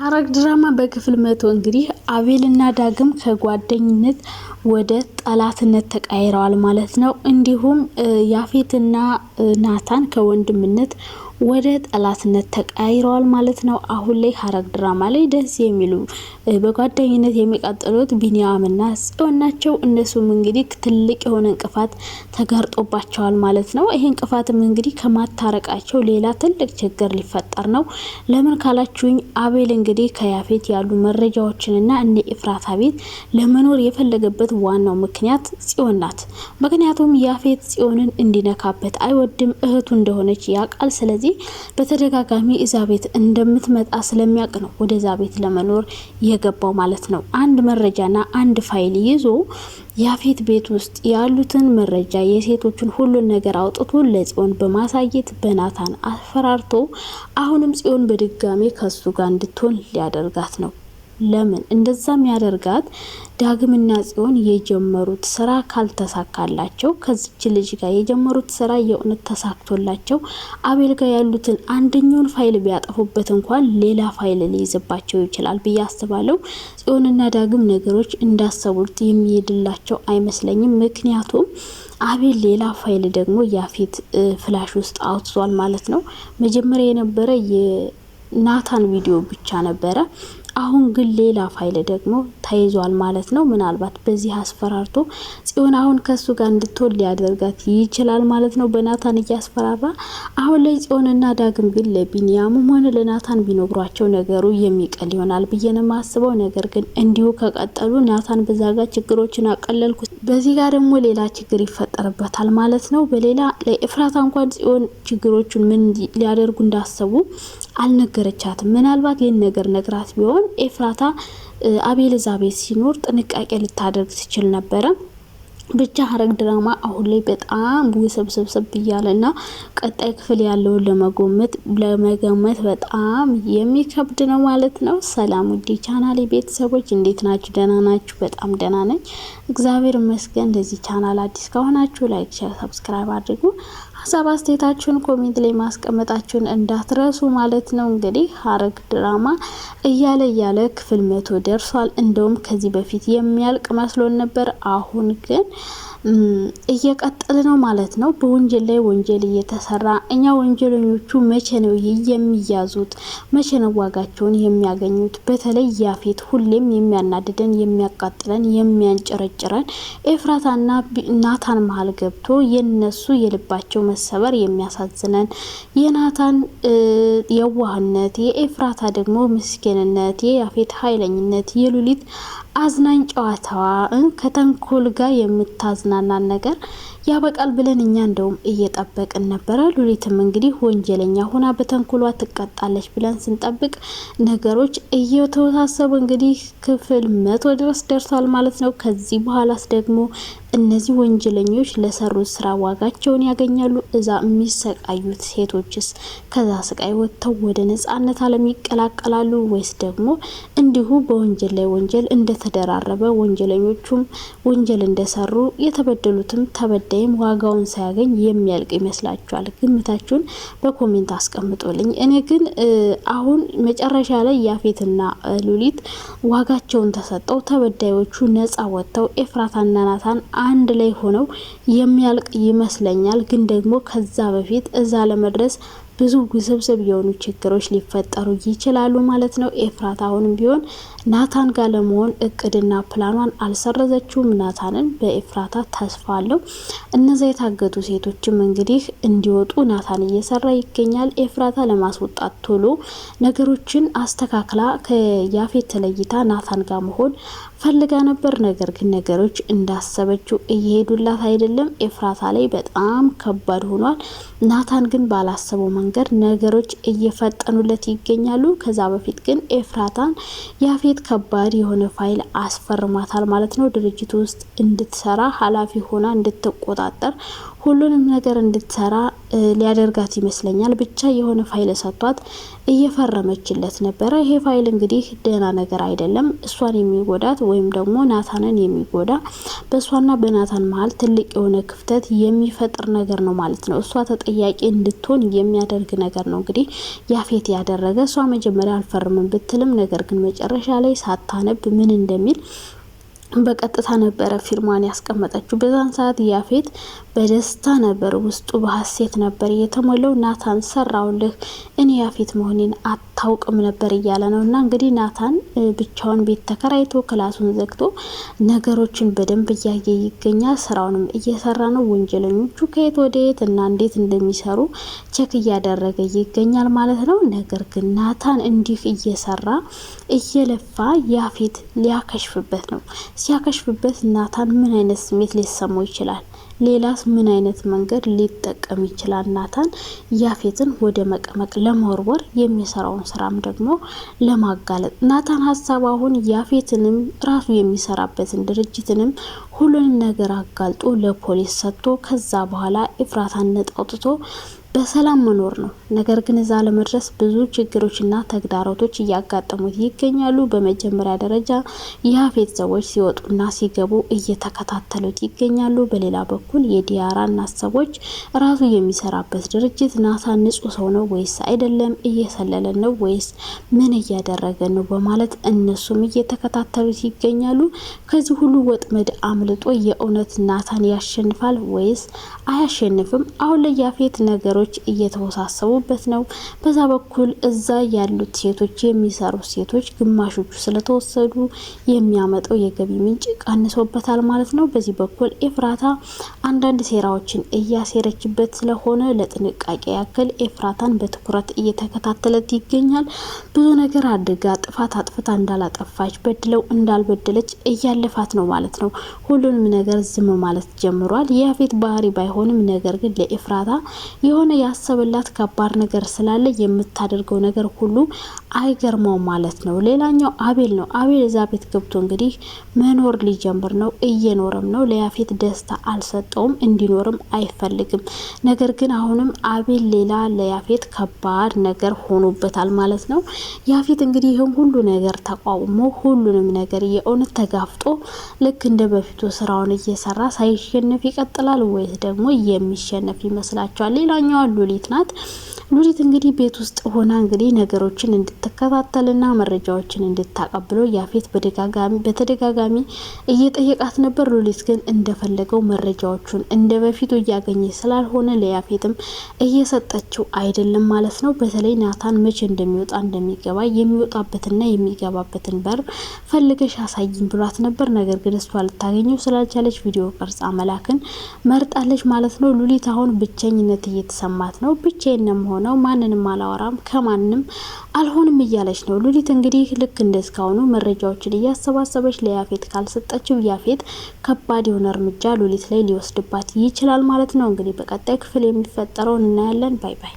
ሐረግ ድራማ በክፍል መቶ እንግዲህ አቤልና ዳግም ከጓደኝነት ወደ ጠላትነት ተቃይረዋል ማለት ነው። እንዲሁም ያፌትና ናታን ከወንድምነት ወደ ጠላትነት ተቀያይረዋል ማለት ነው። አሁን ላይ ሀረግ ድራማ ላይ ደስ የሚሉ በጓደኝነት የሚቀጥሉት ቢኒያምና ጽዮን ናቸው። እነሱም እንግዲህ ትልቅ የሆነ እንቅፋት ተጋርጦባቸዋል ማለት ነው። ይሄ እንቅፋትም እንግዲህ ከማታረቃቸው ሌላ ትልቅ ችግር ሊፈጠር ነው። ለምን ካላችሁኝ አቤል እንግዲህ ከያፌት ያሉ መረጃዎችንና እነ ኤፍራታ ቤት ለመኖር የፈለገበት ዋናው ምክንያት ጽዮን ናት። ምክንያቱም ያፌት ጽዮንን እንዲነካበት አይወድም። እህቱ እንደሆነች ያውቃል። ስለዚህ ስለዚህ በተደጋጋሚ እዛ ቤት እንደምትመጣ ስለሚያውቅ ነው ወደዛ ቤት ለመኖር የገባው ማለት ነው። አንድ መረጃና አንድ ፋይል ይዞ ያፌት ቤት ውስጥ ያሉትን መረጃ የሴቶችን ሁሉን ነገር አውጥቶ ለጽዮን በማሳየት በናታን አፈራርቶ አሁንም ጽዮን በድጋሜ ከሱ ጋር እንድትሆን ሊያደርጋት ነው። ለምን እንደዛም ያደርጋት ዳግምና ጽዮን የጀመሩት ስራ ካልተሳካላቸው ከዚች ልጅ ጋር የጀመሩት ስራ የእውነት ተሳክቶላቸው አቤል ጋር ያሉትን አንደኛውን ፋይል ቢያጠፉበት እንኳን ሌላ ፋይል ሊይዝባቸው ይችላል ብዬ አስባለሁ። ጽዮንና ዳግም ነገሮች እንዳሰቡት የሚሄድላቸው አይመስለኝም። ምክንያቱም አቤል ሌላ ፋይል ደግሞ ያፌት ፍላሽ ውስጥ አውጥቷል ማለት ነው። መጀመሪያ የነበረ የናታን ቪዲዮ ብቻ ነበረ። አሁን ግን ሌላ ፋይል ደግሞ ተይዟል ማለት ነው። ምናልባት በዚህ አስፈራርቶ ጽዮን አሁን ከሱ ጋር እንድትሆን ሊያደርጋት ይችላል ማለት ነው። በናታን እያስፈራራ አሁን ላይ ጽዮንና ዳግም ግን ለቢንያምም ሆነ ለናታን ቢኖግሯቸው ነገሩ የሚቀል ይሆናል ብዬ ነው የማስበው። ነገር ግን እንዲሁ ከቀጠሉ ናታን በዛጋ ችግሮችን አቀለልኩ በዚህ ጋር ደግሞ ሌላ ችግር ይፈጠርበታል ማለት ነው። በሌላ ለኤፍራታ እንኳን ጽዮን ችግሮቹን ምን ሊያደርጉ እንዳሰቡ አልነገረቻትም። ምናልባት ይህን ነገር ነግራት ቢሆን ኤፍራታ አቤል እዛ ቤት ሲኖር ጥንቃቄ ልታደርግ ትችል ነበረ። ብቻ ሐረግ ድራማ አሁን ላይ በጣም ውስብስብስብ እያለ እና ቀጣይ ክፍል ያለውን ለመጎመት ለመገመት በጣም የሚከብድ ነው ማለት ነው። ሰላም ውዴ ቻናል ቤተሰቦች እንዴት ናችሁ? ደህና ናችሁ? በጣም ደህና ነኝ እግዚአብሔር ይመስገን። ለዚህ ቻናል አዲስ ከሆናችሁ ላይክ፣ ሼር፣ ሰብስክራይብ አድርጉ። ሀሳብ አስተያየታችሁን ኮሜንት ላይ ማስቀመጣችሁን እንዳትረሱ ማለት ነው። እንግዲህ ሀረግ ድራማ እያለ እያለ ክፍል መቶ ደርሷል። እንደውም ከዚህ በፊት የሚያልቅ መስሎን ነበር። አሁን ግን እየቀጠለ ነው ማለት ነው። በወንጀል ላይ ወንጀል እየተሰራ እኛ ወንጀለኞቹ መቼ ነው የሚያዙት? መቼ ነው ዋጋቸውን የሚያገኙት? በተለይ ያፌት ሁሌም የሚያናድደን የሚያቃጥለን፣ የሚያንጨረጭረን ኤፍራታና ናታን መሀል ገብቶ የነሱ የልባቸው መሰበር የሚያሳዝነን የናታን የዋህነት፣ የኤፍራታ ደግሞ ምስኪንነት፣ የያፌት ኃይለኝነት፣ የሉሊት አዝናኝ ጨዋታዋ ከተንኮል ጋር የምታዝናናን ነገር ያበቃል ብለን እኛ እንደውም እየጠበቅን ነበረ። ሉሊትም እንግዲህ ወንጀለኛ ሆና በተንኮሏ ትቀጣለች ብለን ስንጠብቅ ነገሮች እየተወሳሰቡ እንግዲህ ክፍል መቶ ድረስ ደርሷል ማለት ነው። ከዚህ በኋላስ ደግሞ እነዚህ ወንጀለኞች ለሰሩት ስራ ዋጋቸውን ያገኛሉ። እዛ የሚሰቃዩት ሴቶችስ ከዛ ስቃይ ወጥተው ወደ ነጻነት አለም ይቀላቀላሉ ወይስ ደግሞ እንዲሁ በወንጀል ላይ ወንጀል እንደተደራረበ ወንጀለኞቹም ወንጀል እንደሰሩ የተበደሉትም ተበዳይም ዋጋውን ሳያገኝ የሚያልቅ ይመስላችኋል? ግምታችሁን በኮሜንት አስቀምጦልኝ። እኔ ግን አሁን መጨረሻ ላይ ያፌትና ሉሊት ዋጋቸውን ተሰጠው ተበዳዮቹ ነጻ ወጥተው ኤፍራታና ናታን አንድ ላይ ሆነው የሚያልቅ ይመስለኛል። ግን ደግሞ ከዛ በፊት እዛ ለመድረስ ብዙ ውስብስብ የሆኑ ችግሮች ሊፈጠሩ ይችላሉ ማለት ነው። ኤፍራት አሁንም ቢሆን ናታን ጋር ለመሆን እቅድና ፕላኗን አልሰረዘችውም። ናታንን በኤፍራታ ተስፋ አለው። እነዚ የታገቱ ሴቶችም እንግዲህ እንዲወጡ ናታን እየሰራ ይገኛል። ኤፍራታ ለማስወጣት ቶሎ ነገሮችን አስተካክላ ከያፌት ተለይታ ናታን ጋር መሆን ፈልጋ ነበር። ነገር ግን ነገሮች እንዳሰበችው እየሄዱላት አይደለም። ኤፍራታ ላይ በጣም ከባድ ሆኗል። ናታን ግን ባላሰበው መንገድ ነገሮች እየፈጠኑለት ይገኛሉ። ከዛ በፊት ግን ኤፍራታን ያፌት ከባድ የሆነ ፋይል አስፈርማታል ማለት ነው። ድርጅቱ ውስጥ እንድትሰራ ኃላፊ ሆና እንድትቆጣጠር ሁሉንም ነገር እንድትሰራ ሊያደርጋት ይመስለኛል። ብቻ የሆነ ፋይል ሰጥቷት እየፈረመችለት ነበረ። ይሄ ፋይል እንግዲህ ደህና ነገር አይደለም። እሷን የሚጎዳት ወይም ደግሞ ናታንን የሚጎዳ በእሷና በናታን መሀል ትልቅ የሆነ ክፍተት የሚፈጥር ነገር ነው ማለት ነው። እሷ ተጠያቂ እንድትሆን የሚያደ የሚያደርግ ነገር ነው እንግዲህ ያፌት ያደረገ። እሷ መጀመሪያ አልፈርምም ብትልም ነገር ግን መጨረሻ ላይ ሳታነብ ምን እንደሚል በቀጥታ ነበረ ፊርማን ያስቀመጠችው። በዛን ሰዓት ያፌት በደስታ ነበር፣ ውስጡ በሀሴት ነበር የተሞላው። ናታን ሰራውልህ፣ እኔ ያፌት መሆኔን አታውቅም ነበር እያለ ነው። እና እንግዲህ ናታን ብቻውን ቤት ተከራይቶ ክላሱን ዘግቶ ነገሮችን በደንብ እያየ ይገኛል። ስራውንም እየሰራ ነው። ወንጀለኞቹ ከየት የት እና እንዴት እንደሚሰሩ ቼክ እያደረገ ይገኛል ማለት ነው። ነገር ግን ናታን እንዲህ እየሰራ እየለፋ ያፌት ሊያከሽፍበት ነው። ሲያከሽፍበት ናታን ምን አይነት ስሜት ሊሰማው ይችላል? ሌላስ ምን አይነት መንገድ ሊጠቀም ይችላል? ናታን ያፌትን ወደ መቀመቅ ለመወርወር የሚሰራውን ስራም ደግሞ ለማጋለጥ ናታን ሀሳብ አሁን ያፌትንም ራሱ የሚሰራበትን ድርጅትንም ሁሉንም ነገር አጋልጦ ለፖሊስ ሰጥቶ ከዛ በኋላ ኢፍራታን ነጣ አውጥቶ በሰላም መኖር ነው። ነገር ግን እዛ ለመድረስ ብዙ ችግሮችና ተግዳሮቶች እያጋጠሙት ይገኛሉ። በመጀመሪያ ደረጃ የሀፌት ሰዎች ሲወጡና ሲገቡ እየተከታተሉት ይገኛሉ። በሌላ በኩል የዲያራ እናት ሰዎች ራሱ የሚሰራበት ድርጅት ናሳ ንጹህ ሰው ነው ወይስ አይደለም፣ እየሰለለ ነው ወይስ ምን እያደረገ ነው በማለት እነሱም እየተከታተሉት ይገኛሉ። ከዚህ ሁሉ ወጥመድ አምልጦ የእውነት ናሳን ያሸንፋል ወይስ አያሸንፍም? አሁን ላይ ነገሮች ሴቶች እየተወሳሰቡበት ነው። በዛ በኩል እዛ ያሉት ሴቶች የሚሰሩት ሴቶች ግማሾቹ ስለተወሰዱ የሚያመጣው የገቢ ምንጭ ቀንሶበታል ማለት ነው። በዚህ በኩል ኤፍራታ አንዳንድ ሴራዎችን እያሴረችበት ስለሆነ ለጥንቃቄ ያክል ኤፍራታን በትኩረት እየተከታተለት ይገኛል። ብዙ ነገር አድርጋ ጥፋት አጥፍታ እንዳላጠፋች በድለው እንዳልበደለች እያለፋት ነው ማለት ነው። ሁሉንም ነገር ዝም ማለት ጀምሯል። የያፌት ባህሪ ባይሆንም ነገር ግን ለኤፍራታ የሆነ ያሰበላት ከባድ ነገር ስላለ የምታደርገው ነገር ሁሉ አይገርመው ማለት ነው። ሌላኛው አቤል ነው። አቤል እዛ ቤት ገብቶ እንግዲህ መኖር ሊጀምር ነው። እየኖረም ነው። ለያፌት ደስታ አልሰጠውም፣ እንዲኖርም አይፈልግም። ነገር ግን አሁንም አቤል ሌላ ለያፌት ከባድ ነገር ሆኖበታል ማለት ነው። ያፌት እንግዲህ ይህን ሁሉ ነገር ተቋቁሞ ሁሉንም ነገር የእውነት ተጋፍጦ ልክ እንደ በፊቱ ስራውን እየሰራ ሳይሸነፍ ይቀጥላል ወይስ ደግሞ የሚሸነፍ ይመስላችኋል? ሌላኛዋ ሉሊት ናት። ሉሊት እንግዲህ ቤት ውስጥ ሆና እንግዲህ ነገሮችን እንድትከታተልና መረጃዎችን እንድታቀብሎ ያፌት በደጋጋሚ በተደጋጋሚ እየጠየቃት ነበር። ሉሊት ግን እንደፈለገው መረጃዎቹን እንደ በፊቱ እያገኘ ስላልሆነ ለያፌትም እየሰጠችው አይደለም ማለት ነው። በተለይ ናታን መቼ እንደሚወጣ እንደሚገባ የሚወጣበትና የሚገባበትን በር ፈልገሽ አሳይኝ ብሏት ነበር። ነገር ግን እሷ ልታገኘው ስላልቻለች ቪዲዮ ቅርጻ መላክን መርጣለች ማለት ነው። ሉሊት አሁን ብቸኝነት እየተሰማት ነው። ብቻዬን ነው የሆነው ማንንም አላወራም ከማንም አልሆንም እያለች ነው ሉሊት። እንግዲህ ልክ እንደ እስካሁኑ መረጃዎችን እያሰባሰበች ለያፌት ካልሰጠችው ያፌት ከባድ የሆነ እርምጃ ሉሊት ላይ ሊወስድባት ይችላል ማለት ነው። እንግዲህ በቀጣይ ክፍል የሚፈጠረውን እናያለን። ባይ ባይ።